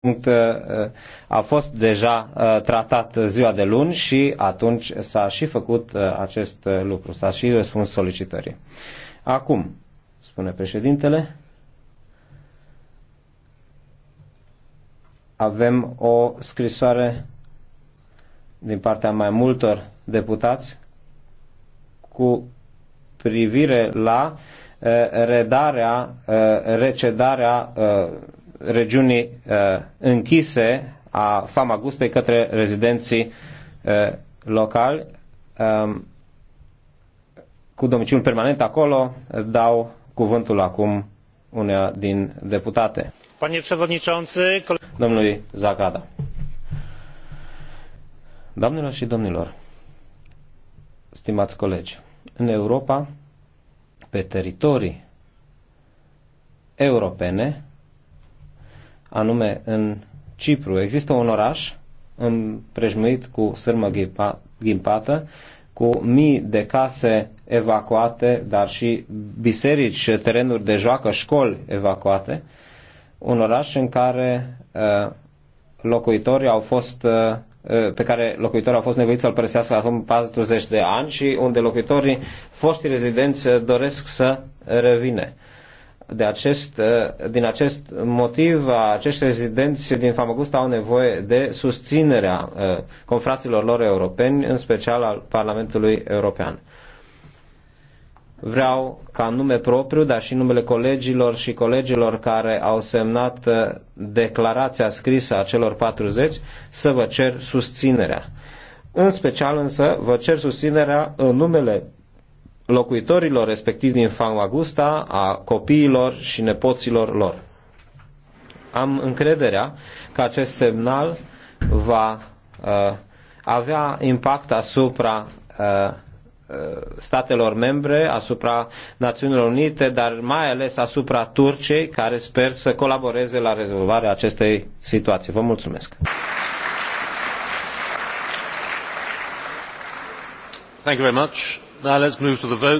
punct uh, a fost deja uh, tratat ziua de luni și atunci s-a și făcut uh, acest lucru, s-a și răspuns solicitării. Acum, spune președintele, avem o scrisoare din partea mai multor deputați cu privire la redarea, recedarea regiunii uh, închise a Famagustei către rezidenții uh, locali um, cu domiciliul permanent acolo, uh, dau cuvântul acum unea din deputate. domnului Zagada. Doamnelor și domnilor, stimați colegi, în Europa, pe teritorii europene, anume în Cipru. Există un oraș împrejmuit cu sârmă ghimpată, cu mii de case evacuate, dar și biserici, terenuri de joacă, școli evacuate. Un oraș în care uh, locuitorii au fost uh, uh, pe care locuitorii au fost nevoiți să-l părăsească acum 40 de ani și unde locuitorii, foștii rezidenți, doresc să revină. De acest, uh, din acest motiv, acești rezidenți din Famagusta au nevoie de susținerea uh, confraților lor europeni, în special al Parlamentului European. Vreau ca nume propriu, dar și numele colegilor și colegilor care au semnat uh, declarația scrisă a celor 40 să vă cer susținerea. În special însă vă cer susținerea în numele locuitorilor respectiv din Famagusta, a copiilor și nepoților lor. Am încrederea că acest semnal va uh, avea impact asupra uh, uh, statelor membre, asupra Națiunilor Unite, dar mai ales asupra Turciei, care sper să colaboreze la rezolvarea acestei situații. Vă mulțumesc! Thank you very much. Now let's move to the vote.